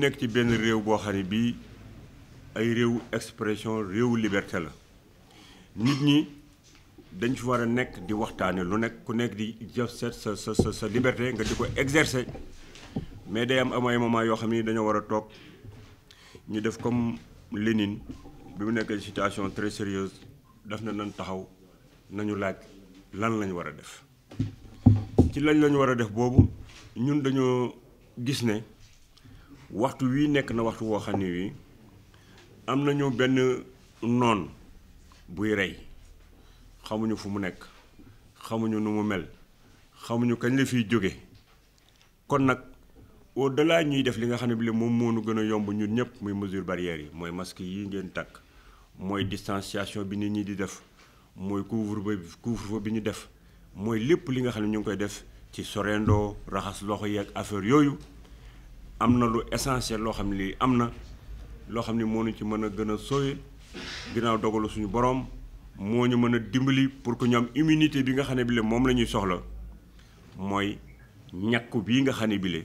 nekk ci benn réew boo xam ne bii ay réewu expression réewu liberté la nit ñi dañ fi war a nekk di waxtaane lu nekk ku nekk di jëf sa sa sa sa liberté nga di ko exercer mais day am am ay moment yoo xam ni dañoo war a toog ñu def comme Lénine bi mu nekk situation très sérieuse daf na nan taxaw nañu laaj lan lañ war a def ci lañ lañu war a def boobu ñun dañoo gis ne waxtu wii nekk na waxtu woo xam ne wii am nañu benn noon buy rey xamuñu fu mu nekk xamuñu nu mu mel xamuñu kañ la fiy jóge kon nag au delà ñuy def li nga xam ne bi moom moo nu gën a yomb ñun ñëpp muy mesure barrière yi mooy masque yi ngeen takk mooy distanciation bi nit ñi di def mooy couvre couvre bi ñu def mooy lépp li nga xam ne ñu ngi koy def ci sorendoo raxas loxo yeeg affaire yooyu am na lu essentiel loo xam ne am na loo xam ne moo ñu ci mën a gën a sooy ginnaaw dogalu suñu borom moo ñu mën a dimbali pour que ñoom am immunité bi nga xam ne bile moom la ñuy soxla mooy ñàkku bii nga xam ne bile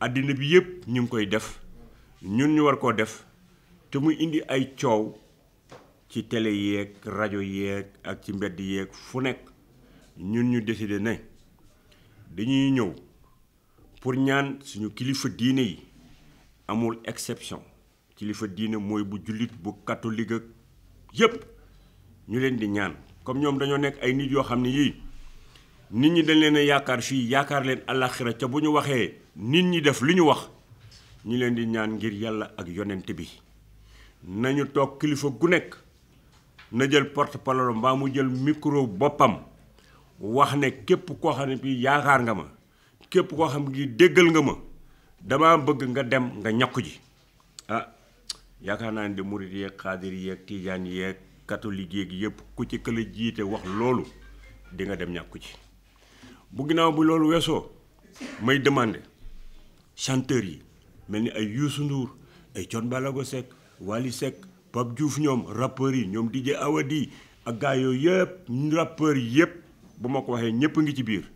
àddina bi yëpp ñu ngi koy def ñun ñu war koo def te muy indi ay coow ci tele yeeg rajo yeeg ak ci mbedd yeeg fu nekk ñun ñu décider ne dañuy ñëw. pour ñaan suñu kilifa diine yi amul exception kilifa diine mooy bu jullit bu catholique ak yépp ñu leen di ñaan comme ñoom dañoo nekk ay nit yoo xam ne yii nit ñi dañ leen a yaakaar fii yaakaar leen àllaaxira ca bu ñu waxee nit ñi def li ñu wax ñu leen di ñaan ngir yàlla ak yonent bi nañu toog kilifa gu nekk na jël porte-parole mbaa mu jël micro boppam wax ne képp koo xam bi yaakaar nga ma képp koo xam ngi déggal nga ma damaa bëgg nga dem nga ñàkku ji ah yaakaar naa ne de murit yeeg xaadir yeeg tijaan yeeg catholique yeeg yëpp ku ci këla jiite wax loolu di nga dem ñàkku ci bu ginnaaw bu loolu weesoo may demandé chanteur yi mel ni ay Youssou Ndour ay Thione Ballago Seck Wally Seck Pape Diouf ñoom rappeurs yi ñoom DJ Awadi ak gaa yooyu yëpp rappeurs yëpp bu ma ko waxee ñëpp ngi ci biir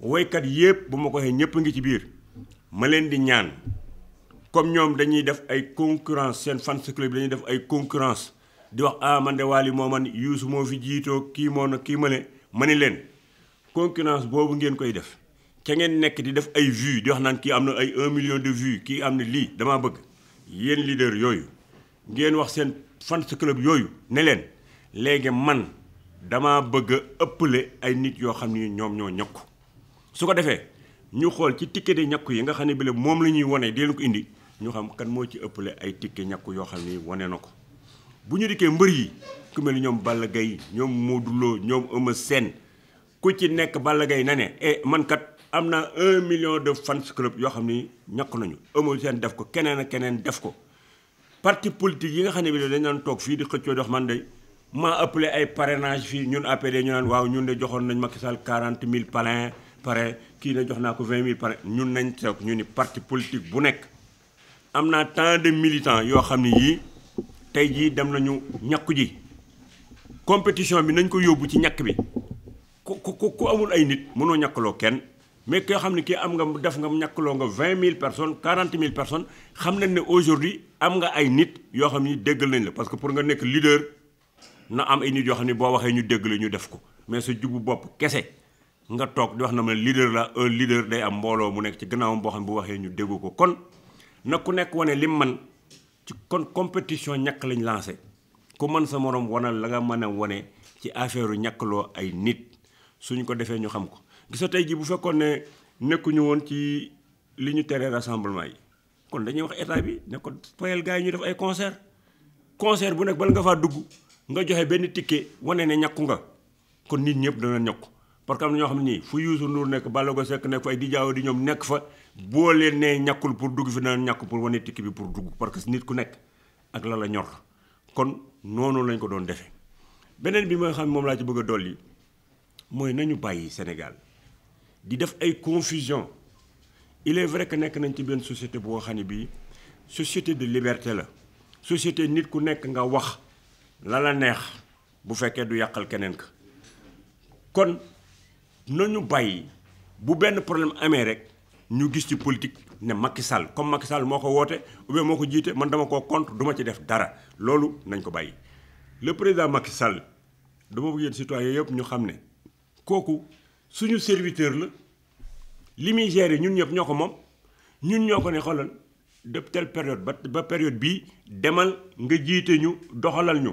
woykat yëpp bu ma ko waxee ñëpp ngi ci biir ma leen di ñaan comme ñoom dañuy def ay concurrence seen fans club dañuy def ay concurrence di wax ah man de moo man Youssou moo fi jiitoo kii moo na kii ma ne ma ni leen concurrence boobu ngeen koy def ca ngeen nekk di def ay vues di wax naan kii am na ay un million de vues kii am na lii damaa bëgg yéen leader yooyu ngeen wax seen fans club yooyu ne leen léegi man dama bëgg a ëppale ay nit yoo xam ni ñoom ñoo ñëkku su ko defee ñu xool ci ticket de ñàkku yi nga xam ne bi moom la ñuy wane di leen ko indi ñu xam kan moo ci ëppale ay ticket ñàkku yoo xam ne wane na ko bu ñu dikkee mbër yi ku mel ni ñoom Balla Gaye ñoom Modou Lo ñoom Eumeu seen ku ci nekk Balla gay na ne e man kat am na un million de fans club yoo xam ne ñàkk nañu Eumeu Sène def ko keneen ak keneen def ko parti politique yi nga xam ne bi dañ doon toog fii di xëccoo dox man de maa ëppale ay parrainage fii ñun APD ñu naan waaw ñun de joxoon nañ Macky Sall 40 000 parrain pare kii ne jox naa ko 20 mille pare ñun nañ toog ñu ni parti politique bu nekk am naa tant de militants yoo xam ne yii tey jii dem nañu ñàkku ji compétition bi nañ ko yóbbu ci ñàkk bi ku ku ku amul ay nit mënoo ñàkkaloo kenn mais koo xam ne kii am nga def nga ñàkkaloo nga vingt mille personne quarante 000 personnes xam nañ ne aujourd'hui am nga ay nit yoo xam ne déggal nañ la parce que pour nga nekk leader na am ay nit yoo xam ne boo waxee ñu dégg la ñu def ko mais sa jubu bopp kese nga toog di wax na ma leader la un leader day am mbooloo mu nekk ci gannaawam boo xam bu waxee ñu déggu ko kon nag ku nekk wane lim man ci kon compétition ñàkk lañ lancé ku mën sa morom wanal la nga mën a wane ci affaire ñàkkloo ay nit suñ ko defee ñu xam ko gisa tey ji bu fekkoon ne nekkuñu woon ci li ñu teree rassemblement yi kon dañuy wax état bi ne ko fayal gars yi ñu def ay concert concert bu nekk bal nga faa dugg nga joxe benn ticket wane ne ñàkku nga kon nit ñëpp dana ñokk parce que am na ñoo xam ne nii fu Youssou Ndour nekk Ballago Seck nekk fa ay di jaaw di ñoom nekk fa boo leen nee ñàkkul pour dugg fi dana ñàkk pour wane tikki bi pour dugg parce que nit ku nekk ak la la ñor kon noonu lañ ko doon defee. beneen bi mooy xam moom laa ci bëgg a dolli mooy nañu bàyyi Sénégal di def ay confusion il est vrai que nekk nañ ci benn société boo xam ne bii société de liberté la société nit ku nekk nga wax lala neex bu fekkee du yàqal keneen ka nañu bàyyi bu benn problème amee rek ñu gis ci politique ne Macky Sall comme Macky Sall moo ko woote ou moo ko jiite man dama koo contre duma ci def dara loolu nañ ko bàyyi. le président Macky Sall dama bëgg yéen citoyen yëpp ñu xam ne kooku suñu serviteur la li muy gérer ñun ñëpp ñoo ko moom ñun ñoo ko ne xoolal de telle période ba ba période bii demal nga jiite ñu doxalal ñu.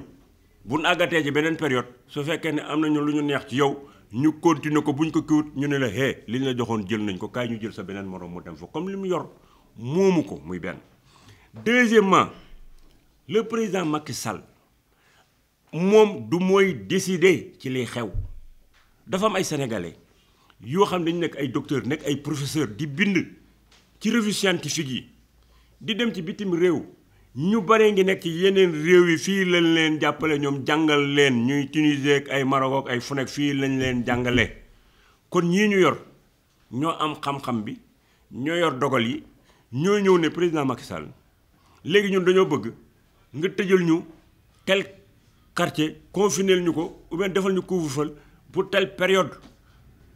bu nu àggatee ci beneen période su fekkee ne am nañu lu ñu neex ci yow ñu continuer ko bu ñu ko kiwut ñu ne la hee li ñu la joxoon jël nañ ko kaay ñu jël sa beneen morom mu dem fa comme li mu yor moomu ko muy benn. deuxièmement le président Macky Sall moom du mooy décider ci liy xew dafa am ay sénégalais yoo xam ne dañu nekk ay docteur nekk ay professeur di bind ci revue scientifique yi di dem ci bitim réew. ñu bare ngi nekk ci yeneen réew yi fii lañ leen jàppale ñoom jàngal leen ñuy Tunisie ak ay Maroc ay fu fii lañ leen jàngale kon ñii ñu yor ñoo am xam-xam bi ñoo yor dogal yi ñoo ñëw ne président Macky léegi ñun dañoo bëgg nga tëjal ñu tel quartier confiné ñu ko ou bien defal ñu couvre pour telle période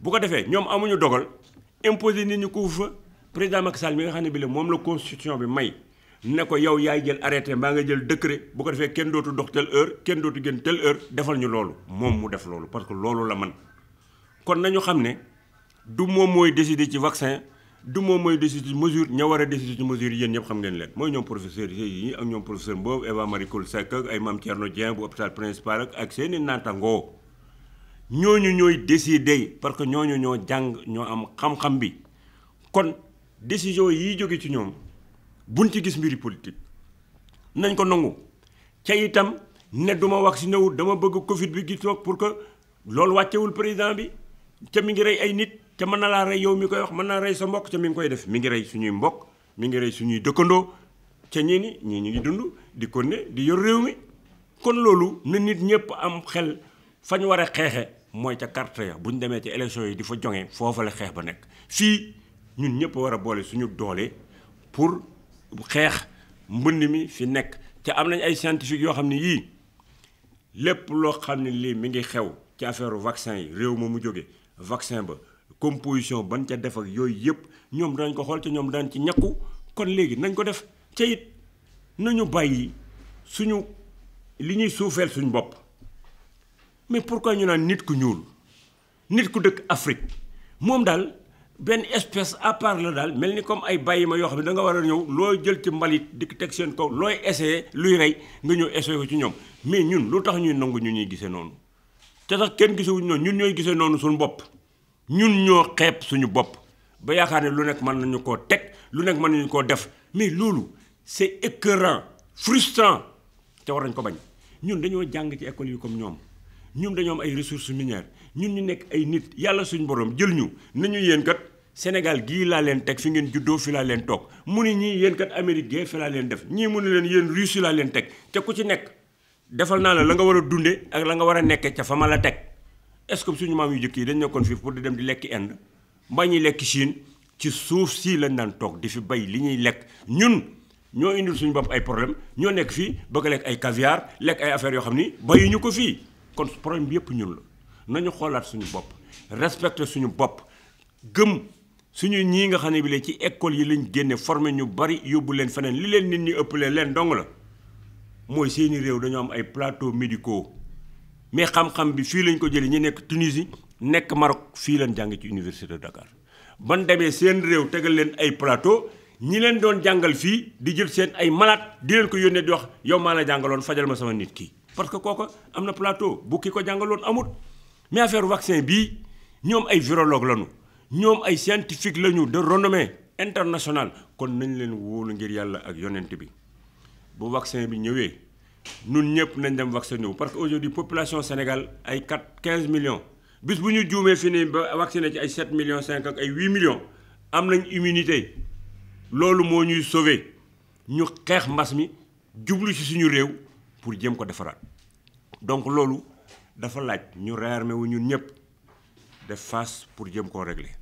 bu ko defee ñoom amuñu dogal imposé nit ñu couvre-feu président Macky mi nga xam ne bi moom la constitution bi may ne ko yow yaay jël arrêté baa nga jël décret bu ko defee kenn dootu dox telle heure kenn dootu génn telle heure defal ñu loolu moom mu def loolu parce que loolu la man kon nañu xam ne du moom mooy décider ci vaccin du moom mooy décider ci mesure ña war a décider ci mesure yéen ñëpp xam ngeen leen mooy ñoom professeur yi ak ñoom professeur boobu Eva Marie Coll Seck ak ay Mame Thierno Dieng bu hôpital principal ak seeni naatangoo ñooñu ñooy décider parce que ñooñu ñoo jàng ñoo am xam bi kon décision yi jóge ci ñoom buñ ci gis mbiri politique nañ ko nangu ca itam ne du ma wax si newut dama bëgg Covid bi gis pour que loolu wàccewul président bi ca mi ngi rey ay nit ca mën na laa rey yow mi koy wax mën naa rey sa mbokk ca mi ngi koy def mi ngi rey suñuy mbokk mi ngi rey suñuy dëkkandoo ca ñii ni ñii ñu ngi dund di ko di yor réew mi kon loolu na nit ñëpp am xel fañ war a xeexee mooy ca carte ya bu ñu demee ci élection yi di fa joŋee foofa la xeex ba nekk fii ñun ñëpp war a boole suñu doole bu xeex mbënd mi fi nekk te am nañ ay scientifique yoo xam ne yii lépp loo xam ne lii mi ngi xew ci affaire vaccin yi réew ma mu jóge vaccin ba composition ban ca def ak yooyu yëpp ñoom danañ ko xool te ñoom daan ci ñakku kon léegi nañ ko def ca it nañu bàyyi suñu li ñuy suufeel suñu bopp mais pourquoi ñu naan nit ku ñuul nit ku dëkk Afrique moom daal benn espèce à la daal mel ni comme ay bàyyi ma yoo xam ne da nga war a ñëw loo jël ci mbalit di ko teg seen kaw looy essayé luy rey nga ñëw essayé ko ci ñoom mais ñun lu tax ñuy nangu ñu ñuy gisee noonu te sax kenn gisewuñu noonu ñun ñooy gisee noonu suñu bopp ñun ñoo xeeb suñu bopp ba yaakaar ne lu nekk mën nañu koo teg lu nekk mën nañu koo def mais loolu c'est écœurant frustrant te war nañ ko bañ ñun dañoo jàng ci école yi comme ñoom ñun dañoo am ay ressource minières ñun ñu nekk ay nit yàlla suñu borom jël ñu nañu yéen kat Sénégal gii laa leen teg fi ngeen juddoo fi laa leen toog mu ni ñii yéen kat Amérique gee fi laa leen def ñii mu ne leen yéen Russie laa leen teg te ku ci nekk defal naa la la nga war a dunde ak la nga war a nekke ca fa ma la teg est-ce que suñu maam yu jëkk yi dañ nekkoon fii pour di dem di lekk Inde mbaa ñuy lekk Chine ci suuf sii lañ daan toog di fi bay li ñuy lekk ñun ñoo indi suñu bopp ay problème ñoo nekk fii bëgg ay caviar lekk ay affaires yoo xam ni bayuñu ko fii kon problème yëpp ñun nañu xoolaat suñu bopp respecté suñu bopp gëm suñu ñii nga xam ne bi ci école yi lañ génne forme ñu bari yóbbu leen feneen li leen nit ñi ëppalee leen dong la mooy seeni réew dañoo am ay plateaux médicaux mais xam-xam bi fii lañ ko jëlee ñi nekk Tunisie nekk Maroc fii leen jàng ci université de Dakar ban demee seen réew tegal leen ay plateau ñi leen doon jàngal fii di jël seen ay malade di leen ko yónnee di wax yow maa la jàngaloon fajal ma sama nit kii parce que kooka am na plateau bu ko jàngaloon amut mais affaire vaccin bii ñoom ay virologue lañu ñoom ay scientifique lañu de renommée internationale kon nañ leen wóolu ngir yàlla ak yonent bi bu vaccin bi ñëwee nun ñëpp nañ dem vacciné wu parce que aujourd'hui population Sénégal ay 4 15 million bis bu ñu juumee fi ne ba vacciné ci ay 7 millions 5 ak ay 8 millions am nañ immunité loolu moo ñuy sauver ñu xeex mbas mi jublu ci suñu réew pour jëm ko defaraat donc loolu dafa laaj ñu réarmé wu ñun ñëpp def face pour jëm koo régler